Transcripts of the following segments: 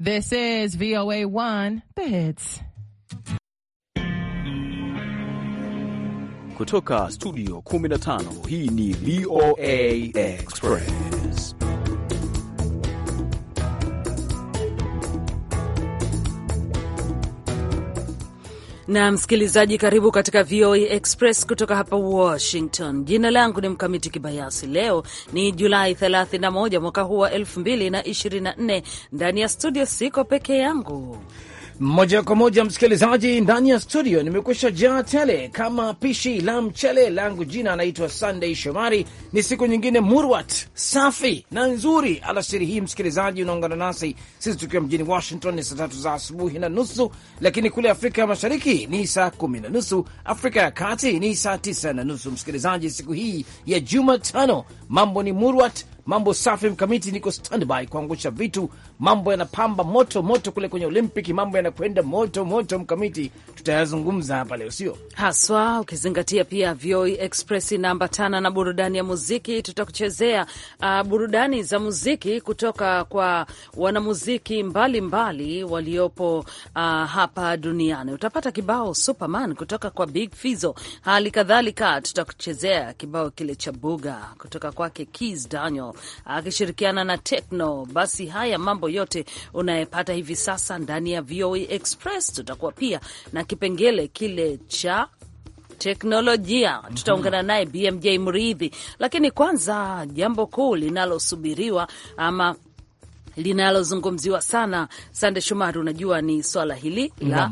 This is VOA 1, the hits. Kutoka studio 15, hii ni VOA Express. na msikilizaji, karibu katika VOA e Express kutoka hapa Washington. Jina langu ni Mkamiti Kibayasi. Leo ni Julai 31 mwaka huu wa 2024. Ndani ya studio siko peke yangu moja kwa moja, msikilizaji, ndani ya studio nimekwisha jaa tele kama pishi la mchele langu. Jina anaitwa Sunday Shomari. Ni siku nyingine murwat safi na nzuri alasiri hii, msikilizaji, unaungana nasi sisi tukiwa mjini Washington ni saa tatu za asubuhi na nusu, lakini kule Afrika ya Mashariki ni saa kumi na nusu, Afrika ya Kati ni saa tisa na nusu. Msikilizaji, siku hii ya Jumatano mambo ni murwat Mambo safi mkamiti, niko standby kuangusha vitu. Mambo yanapamba moto moto kule kwenye Olympic, mambo yanakwenda moto moto mkamiti, tutayazungumza hapa leo, sio haswa, ukizingatia pia VOA Express tano na burudani ya muziki. Tutakuchezea uh, burudani za muziki kutoka kwa wanamuziki mbalimbali waliopo uh, hapa duniani. Utapata kibao Superman kutoka kwa Big Fizzo, hali kadhalika tutakuchezea kibao kile cha Buga kutoka kwake Kizz Daniel akishirikiana na Tekno. Basi haya mambo yote unayepata hivi sasa ndani ya VOA Express. Tutakuwa pia na kipengele kile cha teknolojia mhm. tutaungana naye BMJ Mridhi, lakini kwanza jambo kuu linalosubiriwa ama linalozungumziwa sana, Sande Shomari, unajua ni swala hili la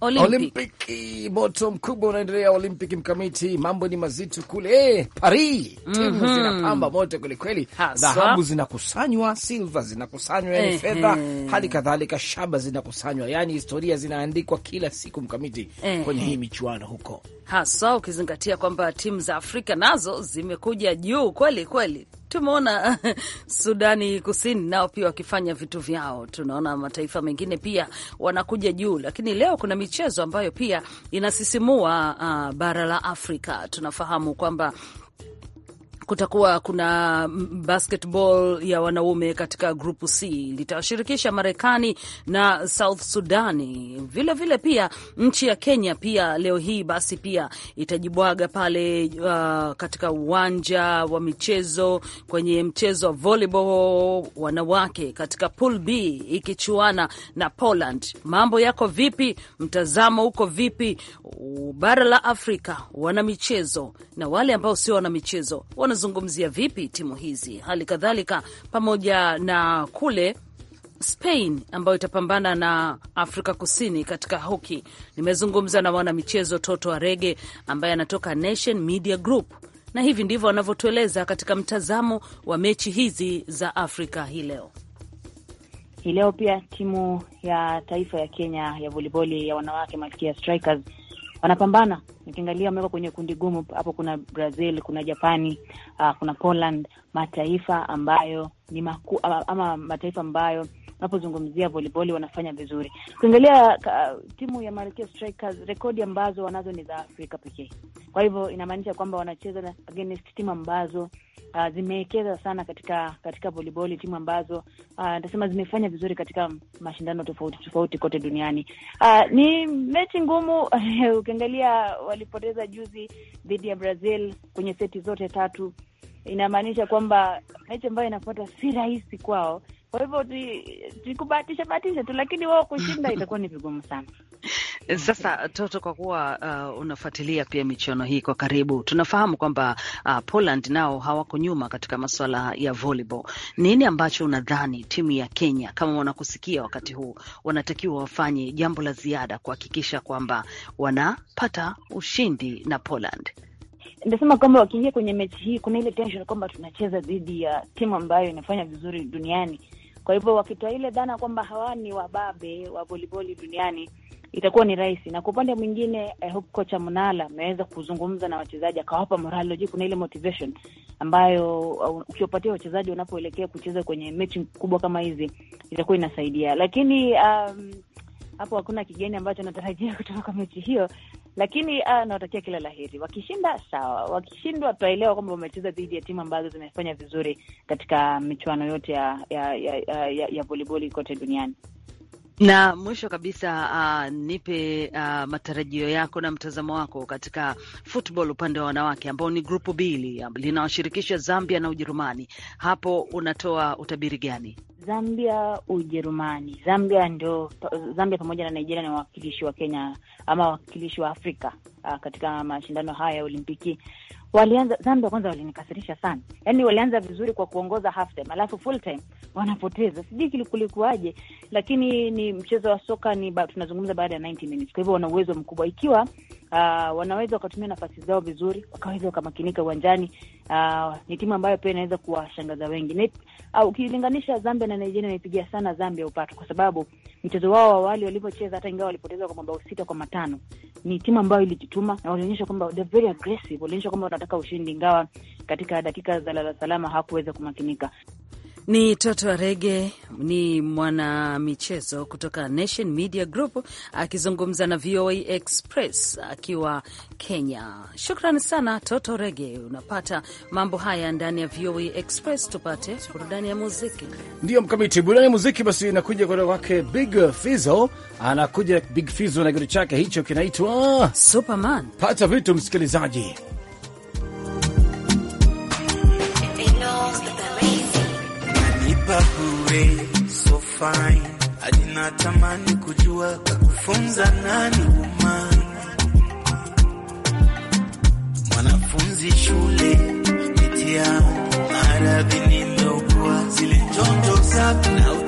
Olimpiki, moto mkubwa unaendelea. olympic mkamiti, mambo ni mazito kule eh, Paris, mhm. timu mm -hmm. zinapamba moto kwelikweli, dhahabu zinakusanywa, silver zinakusanywa, yani eh, fedha eh. hali kadhalika shaba zinakusanywa, yani historia zinaandikwa kila siku mkamiti eh, kwenye hii michuano huko, haswa ukizingatia kwamba timu za Afrika nazo zimekuja juu kweli kweli. Tumeona Sudani Kusini nao pia wakifanya vitu vyao. Tunaona mataifa mengine pia wanakuja juu, lakini leo kuna michezo ambayo pia inasisimua uh, bara la Afrika. Tunafahamu kwamba kutakuwa kuna basketball ya wanaume katika grupu C litawashirikisha Marekani na South Sudani vilevile vile, pia nchi ya Kenya pia leo hii basi pia itajibwaga pale uh, katika uwanja wa michezo kwenye mchezo wa volleyball wanawake katika pool B ikichuana na Poland. Mambo yako vipi? Mtazamo uko vipi? Bara la Afrika wana michezo na wale ambao sio wana michezo wana wanazungumzia vipi timu hizi, hali kadhalika pamoja na kule Spain ambayo itapambana na Afrika Kusini katika hoki. Nimezungumza na mwanamichezo Toto Arege ambaye anatoka Nation Media Group, na hivi ndivyo anavyotueleza katika mtazamo wa mechi hizi za Afrika hii leo. Hii leo pia timu ya taifa ya Kenya ya voliboli ya wanawake Malkia Strikers wanapambana. Nikiangalia wamewekwa kwenye kundi gumu hapo, kuna Brazil, kuna Japani, uh, ah, kuna Poland, mataifa ambayo ni maku, ama, ama mataifa ambayo unapozungumzia voliboli wanafanya vizuri. Ukiangalia timu ya Malkia Strikers, rekodi ambazo wanazo ni za Afrika pekee. Kwa hivyo inamaanisha kwamba wanacheza against timu ambazo Uh, ah, zimewekeza sana katika katika voliboli, timu ambazo ah, nitasema uh, zimefanya vizuri katika mashindano tofauti tofauti kote duniani. Uh, ni mechi ngumu ukiangalia walipoteza juzi dhidi ya Brazil kwenye seti zote tatu, inamaanisha kwamba mechi ambayo inafuata si rahisi kwao, kwa hivyo tikubatisha batisha tu, lakini wao kushinda itakuwa ni vigumu sana. Sasa Toto, kwa kuwa uh, unafuatilia pia michuano hii kwa karibu, tunafahamu kwamba uh, Poland nao hawako nyuma katika masuala ya volleyball. Nini ambacho unadhani timu ya Kenya, kama wanakusikia wakati huu, wanatakiwa wafanye jambo la ziada kuhakikisha kwamba wanapata ushindi na Poland? Nasema kwamba wakiingia kwenye mechi hii, kuna ile tension kwamba tunacheza dhidi ya timu ambayo inafanya vizuri duniani kwa hivyo wakitoa ile dhana kwamba hawa ni wababe wa voliboli duniani itakuwa ni rahisi. Na kwa upande mwingine eh, huku kocha Mnala ameweza kuzungumza na wachezaji akawapa morali. Unajua kuna ile motivation ambayo uh, ukiwapatia wachezaji wanapoelekea kucheza kwenye mechi kubwa kama hizi itakuwa inasaidia, lakini um, hapo hakuna kigeni ambacho natarajia kutoka kwa mechi hiyo, lakini uh, ah, nawatakia kila la heri. Wakishinda sawa, wakishindwa tutaelewa kwamba wamecheza dhidi ya timu ambazo zimefanya vizuri katika michuano yote ya ya ya, ya, ya voliboli kote duniani. Na mwisho kabisa uh, nipe uh, matarajio yako na mtazamo wako katika football upande wa wanawake ambao ni grupu mbili linawashirikisha Zambia na Ujerumani. Hapo unatoa utabiri gani? Zambia, Ujerumani. Zambia ndo Zambia pamoja na Nigeria ni wawakilishi wa Kenya ama wawakilishi wa Afrika uh, katika mashindano haya ya Olimpiki walianza Zambia kwanza, walinikasirisha sana. Yani walianza vizuri kwa kuongoza half time, alafu full time wanapoteza, sijui kulikuwaje, lakini ni mchezo wa soka, ni ba, tunazungumza baada ya 90 minutes. Kwa hivyo wana uwezo mkubwa ikiwa uh, wanaweza wakatumia nafasi zao vizuri, wakaweza wakamakinika uwanjani. Uh, ni timu ambayo pia inaweza kuwashangaza wengi. Ukilinganisha Zambia na Nigeria, naipigia sana Zambia upatu kwa sababu mchezo wao awali walivyocheza, hata ingawa walipoteza kwa mabao sita kwa matano, ni timu ambayo ilijituma kujituma, na walionyesha kwamba very aggressive, walionyesha kwamba wanataka ushindi, ingawa katika dakika za lala salama hakuweza kumakinika. Ni Toto Arege, ni mwanamichezo kutoka Nation Media Group akizungumza na VOA Express akiwa Kenya. Shukran sana Toto Rege. Unapata mambo haya ndani ya VOA Express. Tupate burudani ya muziki, ndiyo Mkamiti, burudani ya muziki. Basi inakuja kutoka kwake Big Fizo, anakuja Big Fizo na kitu chake hicho kinaitwa Superman. Pata vitu msikilizaji way so fine, ajina tamani kujua kakufunza nani uma mwanafunzi shule pitia maradhi nimeugua zile njonjo zako na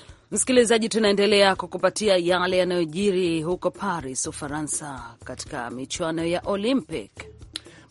Msikilizaji, tunaendelea kukupatia yale yanayojiri huko Paris, Ufaransa, katika michuano ya Olympic.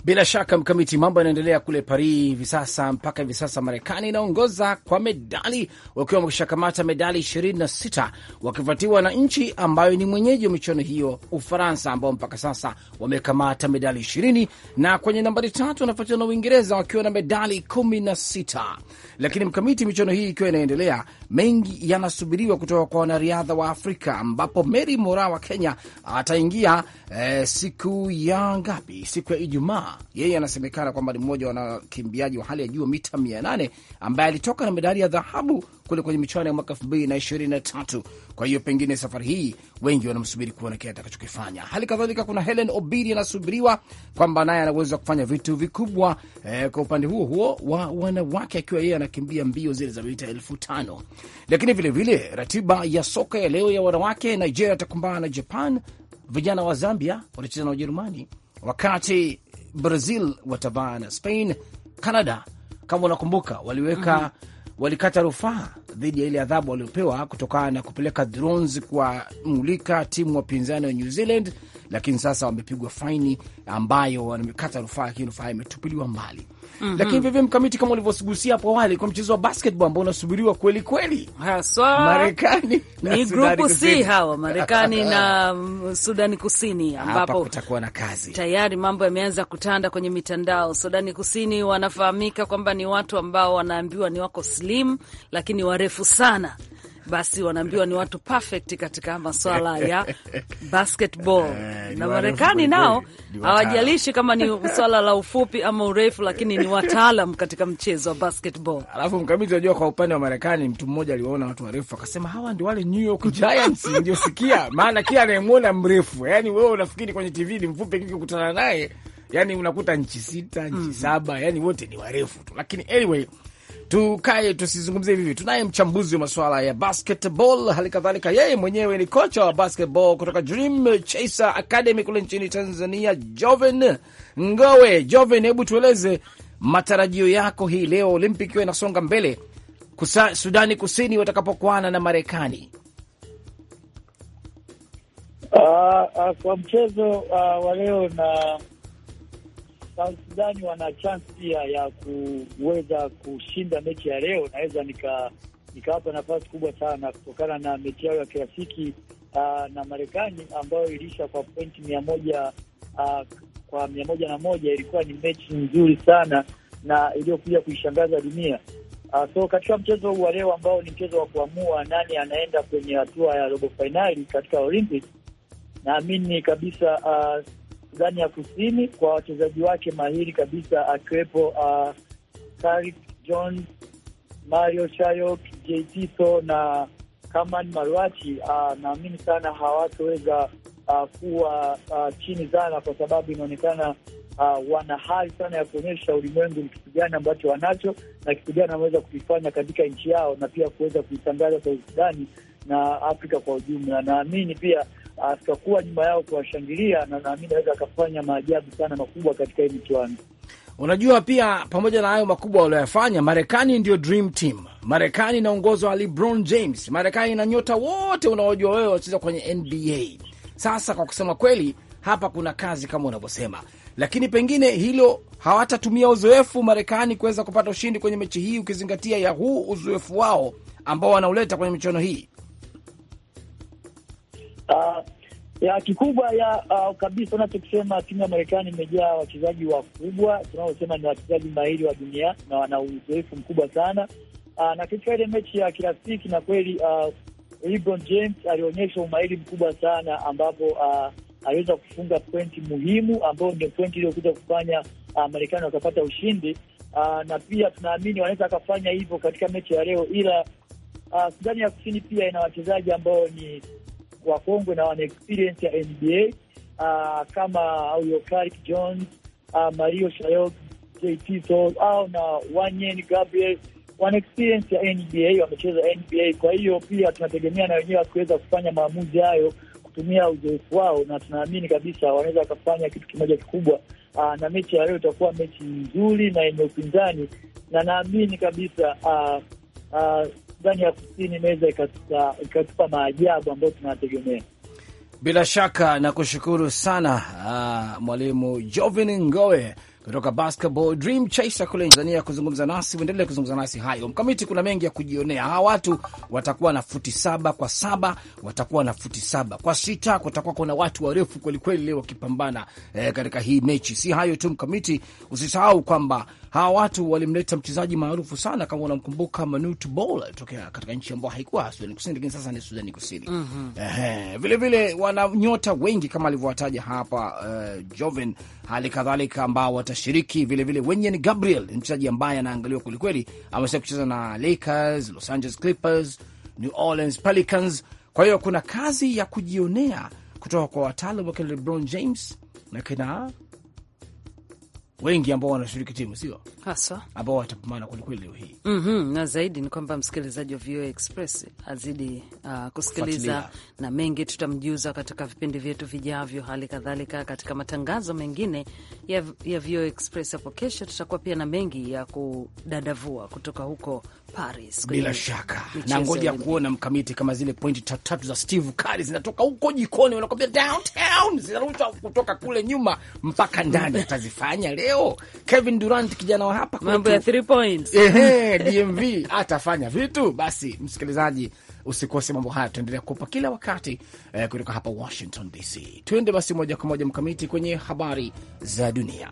Bila shaka mkamiti, mambo yanaendelea kule Paris hivi sasa. Mpaka hivi sasa Marekani inaongoza kwa medali, wakiwa wameshakamata medali 26 wakifuatiwa na nchi ambayo ni mwenyeji wa michuano hiyo, Ufaransa, ambao mpaka sasa wamekamata medali 20, na kwenye nambari tatu wanafuatiwa na Uingereza wakiwa na medali 16. Lakini mkamiti, michuano hii ikiwa inaendelea, mengi yanasubiriwa kutoka kwa wanariadha wa Afrika, ambapo Mary Mora wa Kenya ataingia eh, siku ya ngapi? Siku ya Ijumaa yeye anasemekana kwamba ni mmoja wa wanakimbiaji wa hali ya juu mita 800 ambaye alitoka na medali ya dhahabu kule kwenye michuano ya mwaka 2023. Kwa hiyo pengine safari hii wengi wanamsubiri kuona kile atakachokifanya. Hali kadhalika kuna Helen Obiri anasubiriwa kwamba naye anaweza kufanya vitu vikubwa eh, kwa upande huo huo wa wanawake, akiwa yeye anakimbia mbio zile za mita elfu Lakini vilevile vile, ratiba ya soka ya leo ya wanawake, Nigeria atakumbana na Japan, vijana wa Zambia watacheza na Ujerumani, wakati Brazil watavaa na Spain. Canada kama unakumbuka, waliweka mm -hmm. walikata rufaa dhidi ya ile adhabu waliopewa kutokana na kupeleka drones kuwamulika timu wapinzani wa New Zealand lakini sasa wamepigwa faini ambayo wamekata rufaa, lakini rufaa imetupiliwa mbali. Mm -hmm. Lakini vivyo mkamiti, kama ulivyogusia hapo awali, kwa mchezo wa basketball ambao unasubiriwa kweli kweli haswa Marekani ni grupu C hawa Marekani na mm, Sudani Kusini, ambapo kutakuwa na kazi tayari. Mambo yameanza kutanda kwenye mitandao. Sudani Kusini wanafahamika kwamba ni watu ambao wanaambiwa ni wako slim, lakini warefu sana basi wanaambiwa ni watu perfect katika maswala ya basketball eh, na Marekani nao hawajalishi kama ni swala la ufupi ama urefu, lakini ni wataalam katika mchezo wa basketball. Alafu mkamiti, unajua, kwa upande wa Marekani mtu mmoja aliwaona watu warefu akasema hawa ndio wale New York Giants ndiosikia, maana kila anayemwona mrefu, yani wewe unafikiri kwenye TV ni mfupi, lakini naye yani unakuta nchi sita nchi mm -hmm. saba yani wote ni warefu tu, lakini anyway tukae tusizungumzie hivi. Tunaye mchambuzi wa masuala ya basketball, hali kadhalika yeye mwenyewe ni kocha wa basketball kutoka Dream Chaser Academy kule nchini Tanzania, Joven Ngowe. Joven, hebu tueleze matarajio yako hii leo, Olympic iwe inasonga mbele kusa, Sudani Kusini watakapokuana na Marekani. Uh, uh, kwa mchezo uh, wa leo na South Sudan wana chance pia ya kuweza kushinda mechi ya leo, naweza nikawapa nika nafasi kubwa sana kutokana na mechi yao ya kirafiki uh, na Marekani ambayo iliisha kwa pointi mia moja uh, kwa mia moja na moja. Ilikuwa ni mechi nzuri sana na iliyokuja kuishangaza dunia. Uh, so katika mchezo huu wa leo ambao ni mchezo wa kuamua nani anaenda kwenye hatua ya robo fainali katika Olympic, naamini kabisa uh, Sudani ya Kusini kwa wachezaji wake mahiri kabisa akiwepo uh, ah, Karic John, Mario Shayok, JT So na Kaman Marwachi. Uh, naamini sana hawatoweza uh, kuwa uh, chini sana, kwa sababu inaonekana uh, wana hali sana ya kuonyesha ulimwengu ni kitu gani ambacho wanacho na kitu gani wanaweza kukifanya katika nchi yao na pia kuweza kuitangaza South Sudani na Afrika kwa ujumla. Naamini pia atakuwa nyuma yao kuwashangilia, na naamini aweza akafanya maajabu sana makubwa katika hii michuano. Unajua, pia pamoja na hayo makubwa walioyafanya, Marekani ndio dream team. Marekani inaongozwa na LeBron James. Marekani ina nyota wote unaojua wewe wacheza kwenye NBA. Sasa kwa kusema kweli, hapa kuna kazi kama unavyosema, lakini pengine hilo hawatatumia uzoefu Marekani kuweza kupata ushindi kwenye mechi hii, ukizingatia ya huu uzoefu wao ambao wanauleta kwenye michuano hii. Uh, ya kikubwa ya uh, kabisa unachokisema, timu ya Marekani imejaa wachezaji wakubwa tunaosema ni wachezaji mahiri wa dunia na wana uzoefu mkubwa sana uh, na katika ile mechi ya kirafiki na kweli uh, LeBron James alionyesha umahiri mkubwa sana ambapo uh, aliweza kufunga pointi muhimu ambayo ndio pointi iliyokuja kufanya uh, Marekani wakapata ushindi uh, na pia tunaamini wanaweza akafanya hivyo katika mechi ya leo, ila uh, Sudani ya Kusini pia ina wachezaji ambao ni wakongwe na wana experience ya NBA uh, ah, kama huyo Clark Jones uh, Mario Shayok, JT Sol au na Wanyen Gabriel wana experience ya NBA, wamecheza NBA. Kwa hiyo pia tunategemea na wenyewe wakiweza kufanya maamuzi hayo kutumia uzoefu wao, na tunaamini kabisa wanaweza wakafanya kitu kimoja kikubwa. Aa, ah, na mechi ya leo itakuwa mechi nzuri na yenye upinzani, na naamini kabisa aa, aa, Sudani ya Kusini inaweza ikatupa maajabu ambayo tunayategemea. Bila shaka nakushukuru sana, uh, Mwalimu Jovin Ngowe kutoka Basketball Dream Chaser kule Tanzania kuzungumza nasi. Uendelee kuzungumza nasi hayo mkamiti, kuna mengi ya kujionea. Hawa watu watakuwa na futi saba kwa saba, watakuwa na futi saba kwa sita, kutakuwa kuna watu warefu kwelikweli leo wakipambana eh, katika hii mechi. Si hayo tu mkamiti, usisahau kwamba hawa watu walimleta mchezaji maarufu sana, kama unamkumbuka Manute Bol tokea katika nchi ambayo haikuwa Sudani Kusini, lakini sasa ni Sudani Kusini. mm -hmm. Vilevile wana nyota wengi kama alivyowataja hapa uh, Joven, hali kadhalika ambao wata washiriki vilevile. Wenye ni Gabriel ni mchezaji ambaye anaangaliwa kwelikweli, amesha kucheza na Lakers, Los Angeles Clippers, New Orleans Pelicans. Kwa hiyo kuna kazi ya kujionea kutoka kwa wataalam wakina LeBron James na kina wengi ambao wanashiriki timu sio haswa, ambao watapambana kwelikweli leo hii mm -hmm. Na zaidi ni kwamba msikilizaji wa VOA Express azidi uh, kusikiliza Fatilia. Na mengi tutamjuza katika vipindi vyetu vijavyo, hali kadhalika katika matangazo mengine ya, ya VOA Express hapo kesho. Tutakuwa pia na mengi ya kudadavua kutoka huko Paris. Bila shaka na ngoja kuona mkamiti kama zile pointi tatu tatu za Steve Curry zinatoka huko jikoni, wanakwambia downtown, zinarusha kutoka kule nyuma mpaka ndani. Atazifanya leo Kevin Durant, kijana wa hapa, mambo ya three points, ehe, DMV atafanya vitu. Basi msikilizaji, usikose mambo haya, tutaendelea kupa kila wakati eh, kutoka hapa Washington DC. Tuende basi moja kwa moja mkamiti kwenye habari za dunia.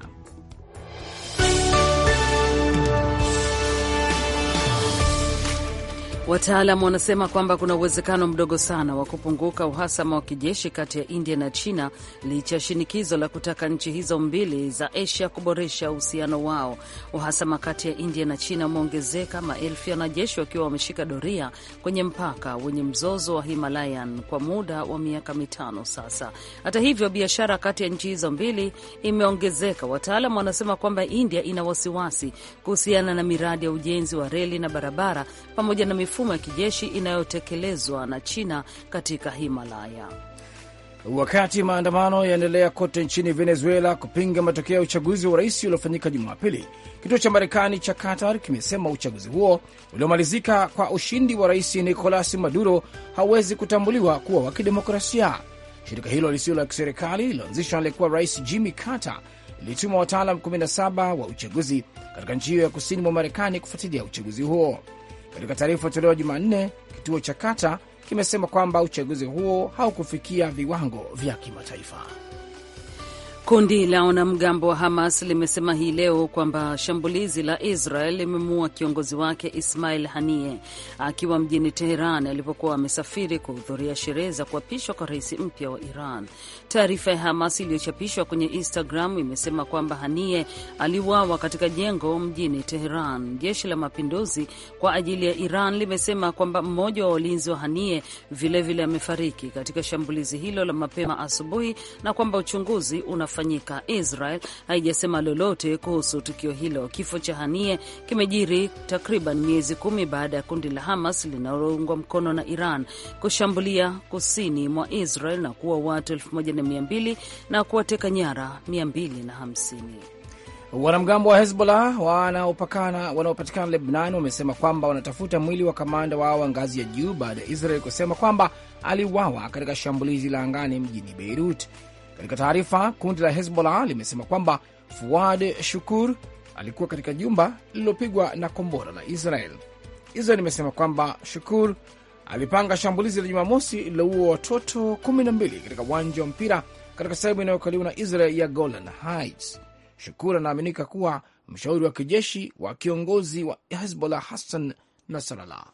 Wataalamu wanasema kwamba kuna uwezekano mdogo sana wa kupunguka uhasama wa kijeshi kati ya India na China licha ya shinikizo la kutaka nchi hizo mbili za Asia kuboresha uhusiano wao. Uhasama kati ya India na China umeongezeka, maelfu ya wanajeshi wakiwa wameshika doria kwenye mpaka wenye mzozo wa Himalayan kwa muda wa miaka mitano sasa. Hata hivyo, biashara kati ya nchi hizo mbili imeongezeka. Wataalamu wanasema kwamba India ina wasiwasi kuhusiana na miradi ya ujenzi wa reli na barabara pamoja na mifu mifumo ya kijeshi inayotekelezwa na China katika Himalaya. Wakati maandamano yaendelea kote nchini Venezuela kupinga matokeo ya uchaguzi wa rais uliofanyika Jumapili, kituo cha Marekani cha Qatar kimesema uchaguzi huo uliomalizika kwa ushindi wa rais Nicolas Maduro hauwezi kutambuliwa kuwa wa kidemokrasia. Shirika hilo lisilo la kiserikali lililoanzishwa aliyekuwa rais Jimmy Carter lilituma wataalam 17 wa uchaguzi katika nchi hiyo ya kusini mwa Marekani kufuatilia uchaguzi huo. Katika taarifa tolewa Jumanne, kituo cha kata kimesema kwamba uchaguzi huo haukufikia viwango vya kimataifa. Kundi la wanamgambo wa Hamas limesema hii leo kwamba shambulizi la Israel limemuua kiongozi wake Ismail Hanie akiwa mjini Teheran alipokuwa amesafiri kuhudhuria sherehe za kuapishwa kwa rais mpya wa Iran. Taarifa ya Hamas iliyochapishwa kwenye Instagram imesema kwamba hanie aliuawa katika jengo mjini Teheran. Jeshi la mapinduzi kwa ajili ya Iran limesema kwamba mmoja wa walinzi wa hanie vilevile amefariki katika shambulizi hilo la mapema asubuhi na kwamba uchunguzi unafanyika. Israel haijasema lolote kuhusu tukio hilo. Kifo cha hanie kimejiri takriban miezi kumi baada ya kundi la Hamas linaloungwa mkono na Iran kushambulia kusini mwa Israel na kuwa watu elfu moja wengine 200 na kuwateka nyara 250. Wanamgambo wa Hezbollah wanaopatikana wana Lebnan wamesema kwamba wanatafuta mwili wa kamanda wao wa ngazi ya juu baada ya Israel kusema kwamba aliuawa katika shambulizi la angani mjini Beirut. Katika taarifa, kundi la Hezbollah limesema kwamba Fuad Shukur alikuwa katika jumba lililopigwa na kombora la Israel. Israel imesema kwamba Shukur alipanga shambulizi la Jumamosi lililoua watoto 12 katika uwanja wa mpira katika sehemu inayokaliwa na Israel ya Golan Heights. Shukur anaaminika kuwa mshauri wa kijeshi wa kiongozi wa Hezbollah Hassan Nasrallah.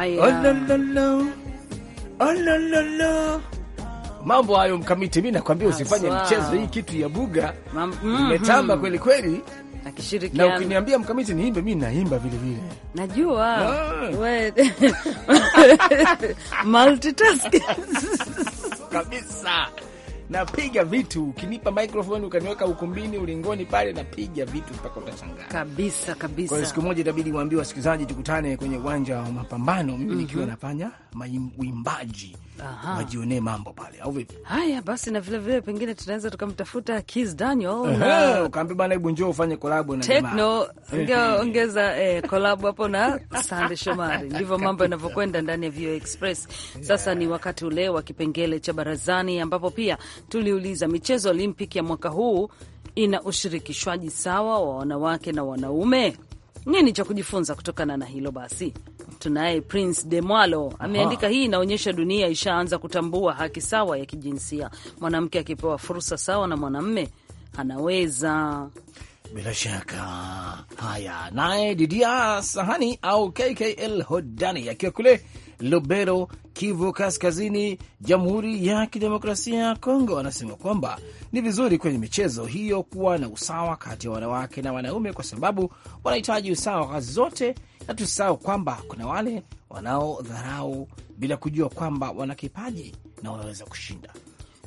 haya. Oh, la, la, la. Oh, la, la, la. Mambo hayo mkamiti, mi nakwambia usifanye mchezo. Hii kitu ya buga imetamba mm-hmm. kweli kweli, na ukiniambia mkamiti niimbe, mi naimba vilevile, najua ah. multitasking kabisa napiga vitu, ukinipa microphone ukaniweka ukumbini ulingoni pale, napiga vitu mpaka utashangaa kabisa kabisa. Kwa siku moja itabidi waambie wasikilizaji, tukutane kwenye uwanja wa mapambano, mimi mhm. nikiwa mm -hmm. nafanya uimbaji wajionee mambo pale, au vipi? Haya basi, na vilevile vile pengine tunaweza tukamtafuta Kiss Daniel na ukaambia bana, hebu njoo ufanye kolabo na Tekno, ongeza eh, kolabo hapo na Sande Shomari. Ndivyo mambo yanavyokwenda ndani ya VOA Express. Sasa ni wakati ule wa kipengele cha barazani, ambapo pia tuliuliza michezo Olimpiki ya mwaka huu ina ushirikishwaji sawa wa wanawake na wanaume. Nini cha kujifunza kutokana na hilo basi? tunaye Prince de mwalo ameandika, hii inaonyesha dunia ishaanza kutambua haki sawa ya kijinsia. Mwanamke akipewa fursa sawa na mwanamme anaweza bila shaka. Haya, naye Didia Sahani au KKL Hodani akiwa kule Lubero, Kivu Kaskazini, Jamhuri ya Kidemokrasia ya Kongo, anasema kwamba ni vizuri kwenye michezo hiyo kuwa na usawa kati ya wanawake na wanaume, kwa sababu wanahitaji usawa wa kazi zote, na tusisahau kwamba kuna wale wanaodharau bila kujua kwamba wana kipaji na wanaweza kushinda.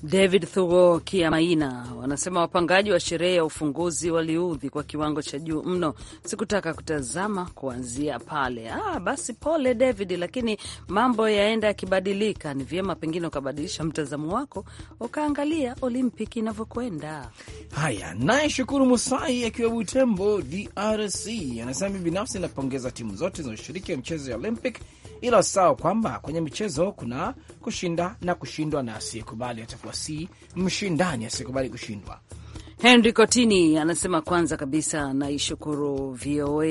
David Thuo Kiamaina wanasema wapangaji wa sherehe ya ufunguzi waliudhi kwa kiwango cha juu mno, sikutaka kutazama kuanzia pale. Ah, basi pole David, lakini mambo yaenda yakibadilika. Ni vyema pengine ukabadilisha mtazamo wako ukaangalia Olimpiki inavyokwenda. Haya, naye Shukuru Musai akiwa Butembo, DRC, anasema mi binafsi napongeza timu zote zinazoshiriki ya mchezo ya Olympic ila sawa kwamba kwenye michezo kuna kushinda na kushindwa, na asiyekubali atakuwa si mshindani, asiyekubali kushindwa. Henry Kotini anasema kwanza kabisa naishukuru VOA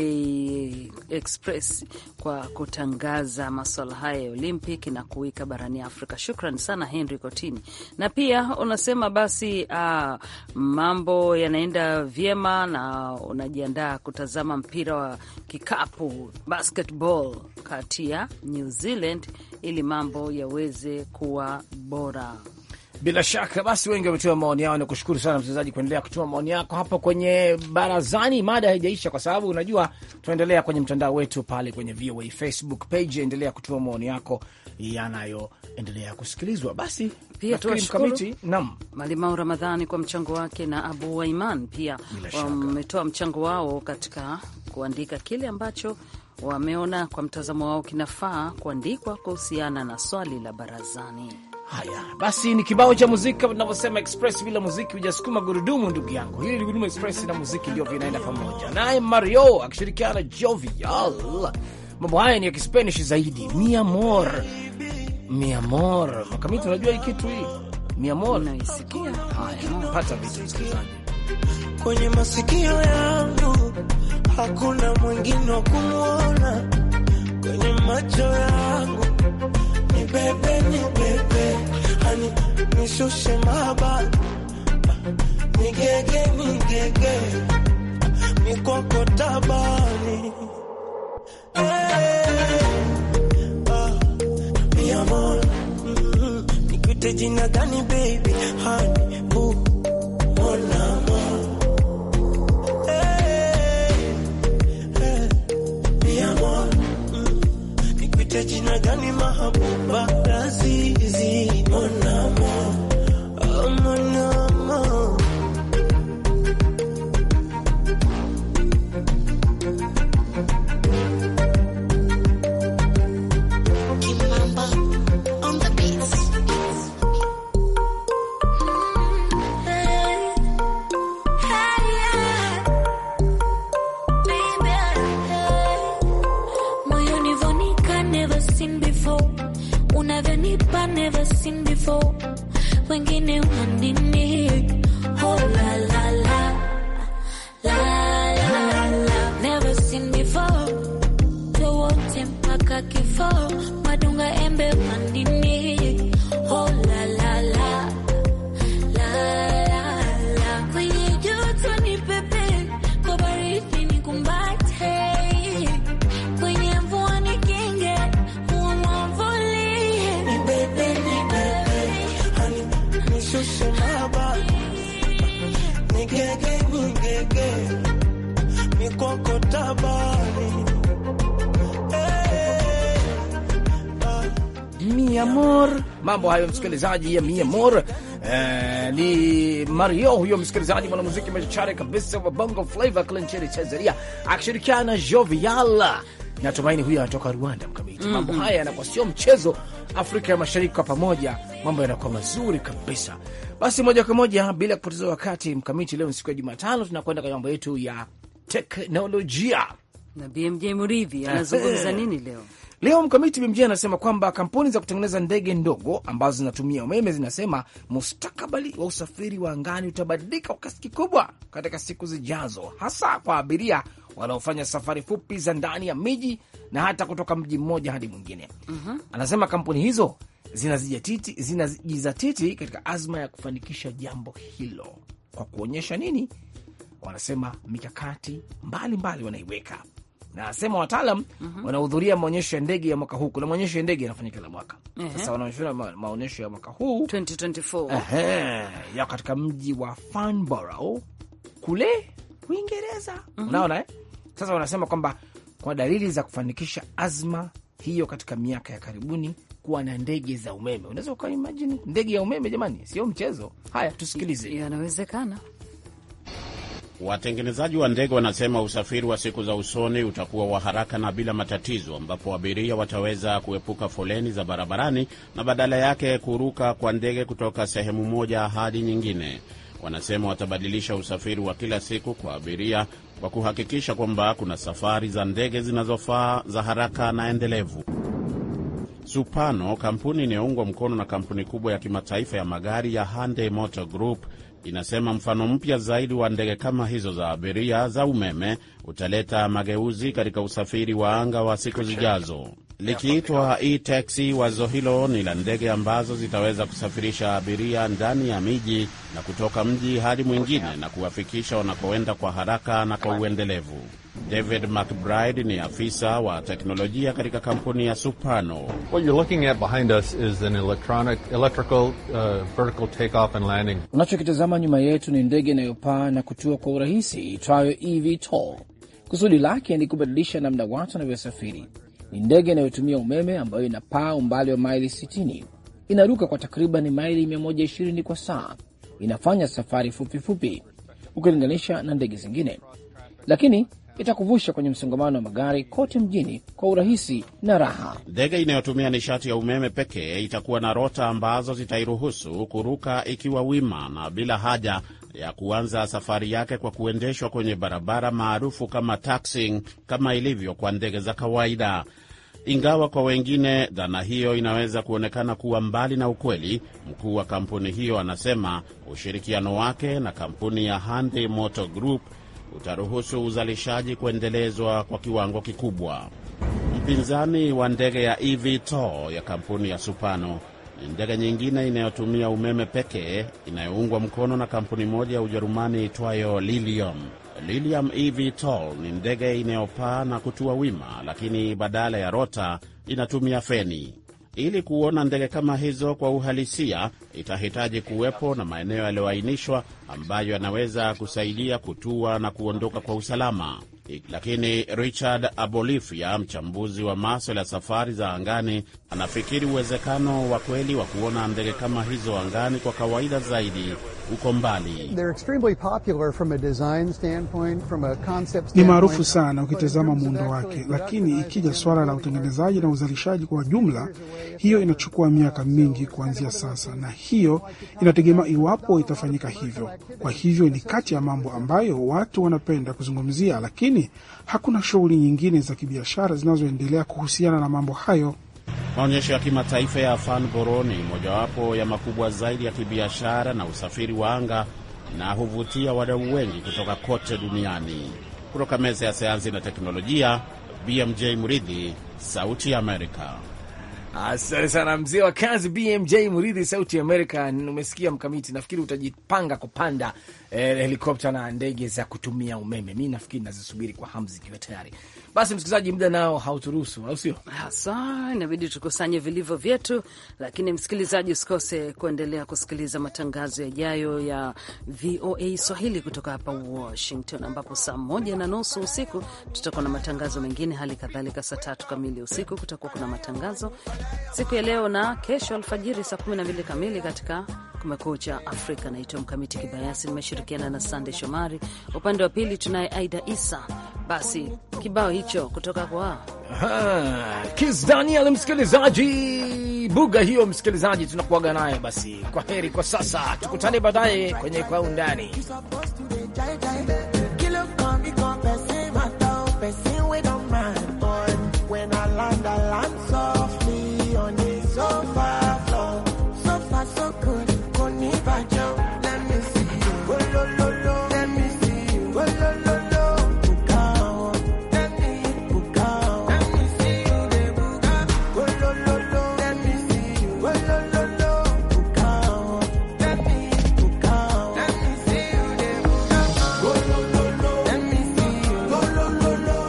Express kwa kutangaza maswala haya ya Olympic na kuwika barani Afrika. Shukran sana Henry Kotini. Na pia unasema basi, uh, mambo yanaenda vyema na unajiandaa kutazama mpira wa kikapu basketball kati ya New Zealand ili mambo yaweze kuwa bora bila shaka basi, wengi wametoa maoni yao, na kushukuru sana msikilizaji kuendelea kutuma maoni yako hapo kwenye barazani. Mada haijaisha kwa sababu unajua tunaendelea kwenye mtandao wetu pale kwenye VOA Facebook page. Endelea kutuma maoni yako yanayoendelea kusikilizwa. Basi pia tuwashukuru Malimau Ramadhani kwa mchango wake na Abu Waiman pia wametoa mchango wao katika kuandika kile ambacho wameona kwa mtazamo wao kinafaa kuandikwa kuhusiana na swali la barazani. Haya basi, ni kibao cha muziki tunavyosema express. Bila muziki hujasukuma gurudumu, ndugu yangu. Hili ni gurudumu express, na muziki ndio vinaenda pamoja, naye Mario akishirikiana na Jovial. Mambo haya ni ya kispanish zaidi. Mi amor, mi amor, makamiti, unajua hii kitu hii mi amor, naisikia. Haya, pata vitu msikilizaji kwenye masikio yangu, hakuna mwingine wa kumwona kwenye macho yangu, ni bebe, ni bebe mabani, nishushe mabani, nigege nigege, mikoko tabani eh, ah. mm-hmm. nikute jina gani baby hayo msikilizaji ya Mia Mor eh, ni Mario huyo msikilizaji, mwanamuziki machachari kabisa wa Bongo Flava kule nchini Tanzania akishirikiana na Jovial. Natumaini huyo anatoka Rwanda mkamiti. mm -hmm. Mambo mhm. haya yanakuwa sio mchezo, Afrika ya Mashariki kwa pamoja mambo yanakuwa mazuri kabisa. Basi moja kwa moja bila kupoteza wakati mkamiti, leo ni siku ya Jumatano, tunakwenda kwenye mambo yetu ya teknolojia na BMJ Muridhi anazungumza eh, eh. nini leo? Leo mkamiti BMJ anasema kwamba kampuni za kutengeneza ndege ndogo ambazo zinatumia umeme zinasema mustakabali wa usafiri wa angani utabadilika kwa kiasi kikubwa katika siku zijazo, hasa kwa abiria wanaofanya safari fupi za ndani ya miji na hata kutoka mji mmoja hadi mwingine. Uh-huh. Anasema kampuni hizo zinajizatiti katika azma ya kufanikisha jambo hilo kwa kuonyesha nini, wanasema mikakati mbalimbali wanaiweka na asema wataalam mm -hmm. wanahudhuria maonyesho ya ndege ya mwaka huu. Kuna maonyesho ya ndege yanafanyika kila mwaka mm -hmm. Sasa wanaonyeshana maonyesho ya mwaka huu 2024 ya katika mji wa Farnborough kule Uingereza mm -hmm. unaona eh? Sasa wanasema kwamba kwa dalili za kufanikisha azma hiyo katika miaka ya karibuni kuwa na ndege za umeme. Unaweza ukaimajini ndege ya umeme jamani, sio mchezo. Haya, tusikilize. Yanawezekana. Watengenezaji wa ndege wanasema usafiri wa siku za usoni utakuwa wa haraka na bila matatizo, ambapo abiria wataweza kuepuka foleni za barabarani na badala yake kuruka kwa ndege kutoka sehemu moja hadi nyingine. Wanasema watabadilisha usafiri wa kila siku kwa abiria kwa kuhakikisha kwamba kuna safari za ndege zinazofaa za haraka na endelevu. Supano, kampuni inayoungwa mkono na kampuni kubwa ya kimataifa ya magari ya Hyundai Motor Group inasema mfano mpya zaidi wa ndege kama hizo za abiria za umeme utaleta mageuzi katika usafiri wa anga wa siku zijazo. Likiitwa e-taxi, wazo hilo ni la ndege ambazo zitaweza kusafirisha abiria ndani ya miji na kutoka mji hadi mwingine na kuwafikisha wanakoenda kwa haraka na kwa uendelevu. David McBride ni afisa wa teknolojia katika kampuni ya Supano. Unachokitazama nyuma yetu ni ndege inayopaa na kutua kwa urahisi itwayo eVTOL. Kusudi lake ni kubadilisha namna watu wanavyosafiri. Ni ndege inayotumia umeme ambayo inapaa umbali wa maili 60, inaruka kwa takriban maili 120 kwa saa, inafanya safari fupifupi fupi, ukilinganisha na ndege zingine, lakini itakuvusha kwenye msongamano wa magari kote mjini kwa urahisi na raha. Ndege inayotumia nishati ya umeme pekee itakuwa na rota ambazo zitairuhusu kuruka ikiwa wima na bila haja ya kuanza safari yake kwa kuendeshwa kwenye barabara maarufu kama taxiing, kama ilivyo kwa ndege za kawaida. Ingawa kwa wengine dhana hiyo inaweza kuonekana kuwa mbali na ukweli, mkuu wa kampuni hiyo anasema ushirikiano wake na kampuni ya Hyundai Motor Group utaruhusu uzalishaji kuendelezwa kwa kiwango kikubwa. Mpinzani wa ndege ya eVTOL ya kampuni ya Supano ni ndege nyingine inayotumia umeme pekee inayoungwa mkono na kampuni moja ya Ujerumani itwayo Lilium. Lilium eVTOL ni ndege inayopaa na kutua wima, lakini badala ya rota inatumia feni. Ili kuona ndege kama hizo kwa uhalisia, itahitaji kuwepo na maeneo yaliyoainishwa ambayo yanaweza kusaidia kutua na kuondoka kwa usalama. Lakini Richard Abolifia, mchambuzi wa maswala ya safari za angani, anafikiri uwezekano wa kweli wa kuona ndege kama hizo angani kwa kawaida zaidi uko mbali. Ni maarufu sana ukitazama muundo wake, lakini ikija suala la utengenezaji na uzalishaji kwa jumla, hiyo inachukua miaka mingi kuanzia sasa, na hiyo inategemea iwapo itafanyika hivyo. Kwa hivyo ni kati ya mambo ambayo watu wanapenda kuzungumzia, lakini hakuna shughuli nyingine za kibiashara zinazoendelea kuhusiana na mambo hayo. Maonyesho ya kimataifa ya Fan Boro ni mojawapo ya makubwa zaidi ya kibiashara na usafiri wa anga na huvutia wadau wengi kutoka kote duniani. Kutoka meza ya sayansi na teknolojia, BMJ Muridhi, Sauti ya Amerika. Asante sana mzee wa kazi BMJ Muridhi, Sauti Amerika. Umesikia Mkamiti, nafikiri utajipanga kupanda eh, helikopta na ndege za kutumia umeme. Mi nafikiri nazisubiri kwa hamu zikiwa tayari. Basi msikilizaji, muda nao hauturuhusu, au sio? Hasa inabidi tukusanye vilivyo vyetu, lakini msikilizaji, usikose kuendelea kusikiliza matangazo yajayo ya VOA Swahili kutoka hapa Washington, ambapo saa moja na nusu usiku tutakuwa na matangazo mengine, hali kadhalika saa tatu kamili usiku kutakuwa kuna matangazo siku ya leo na kesho alfajiri saa kumi na mbili kamili katika Kumekucha Afrika. Naitwa Mkamiti Kibayasi, nimeshirikiana na Sande Shomari, upande wa pili tunaye Aida Isa basi kibao hicho kutoka kwa Kis Daniel, msikilizaji buga hiyo, msikilizaji tunakuaga naye. Basi kwa heri kwa sasa, tukutane baadaye kwenye kwa undani.